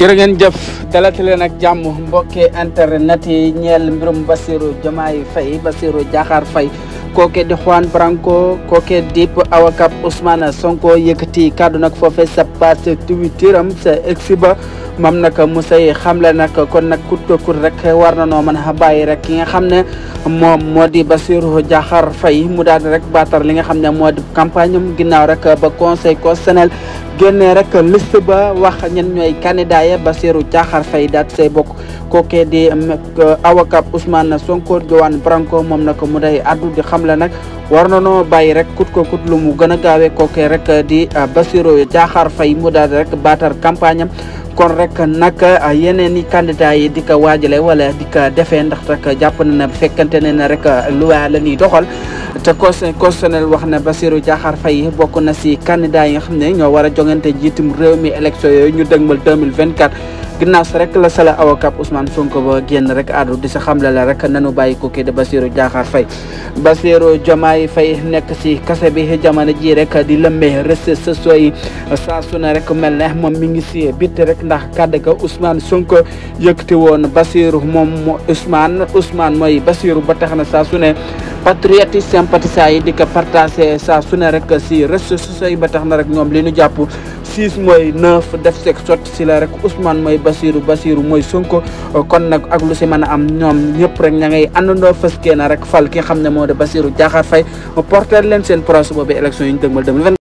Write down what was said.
jërë ngeen jëf dalati leen ak jàmm mbokki internet yi ñeel mbirum Bassirou Diomaye fay Bassirou Diakhar fay kooke di Juan Branco kooke dip awakab Ousmane Sonko yëkkati kàddu nag foofe sa page Twitter am sa ex ba mam nag mu say xamle nag kon nag kut kut rek war na noo mën a bàyyi rek ki nga xam ne moom moo di Bassirou Diakhar Faye mu daal di rek baatar li nga xam ne moo di campagne am ginnaaw rek ba conseil constitutionnel génnee rek liste ba wax ñen ñooy candidat ya Bassirou Diakhar Faye daat say bokk kookee di avocat Ousmane Sonko Juan Branco moom nag mu day addu di xamle nag war na noo bàyyi rek kut ko kut lu mu gën a gaawee kookee rek di uh, bassiro Diakhar Faye mu daal rek baatar campagne kon rek nag uh, yeneen i candidat yi di ko waajale wala di ko defee ndax rek jàpp na ne fekkante ne na rek uh, luwaa la ñuy doxal te conseil constitutionnel wax na Bassirou Diakhar Faye bokk na si candidat yi nga xam ne ñoo war a jongante jiitum réew mi élection yooyu ñu vingt 2024 ginnaaw rek la sala avocat Ousmane Sonko ba génn rek ado di sa xamle la rek nanu bàyyi ko kii di Bassirou Diakhar Faye Bassirou Diomaye Faye nekk si kase bi jamono ji rek di lëmbee réseaux sociaux yi saa su ne rek mel ne moom mi ngi si bitti rek ndax kàddu ka Ousmane Sonko yëkkati woon Bassirou moom Ousmane Ousmane mooy Bassirou ba tax na saa su ne patriotes yi sympathisants yi di ko partagé saa su ne rek si réseaux sociaux yi ba tax na rek ñoom li nu jàpp six mooy neuf def seeg sot si la rek Ousmane mooy Basirou Basirou mooy Sonko kon nag ak lu si mën a am ñoom ñëpp rek ña ngay àndandoo fëskee na rek fal ki xam ne moo di Basirou Diakhar Faye porter leen seen projet boobu élection yi ñu dëgmal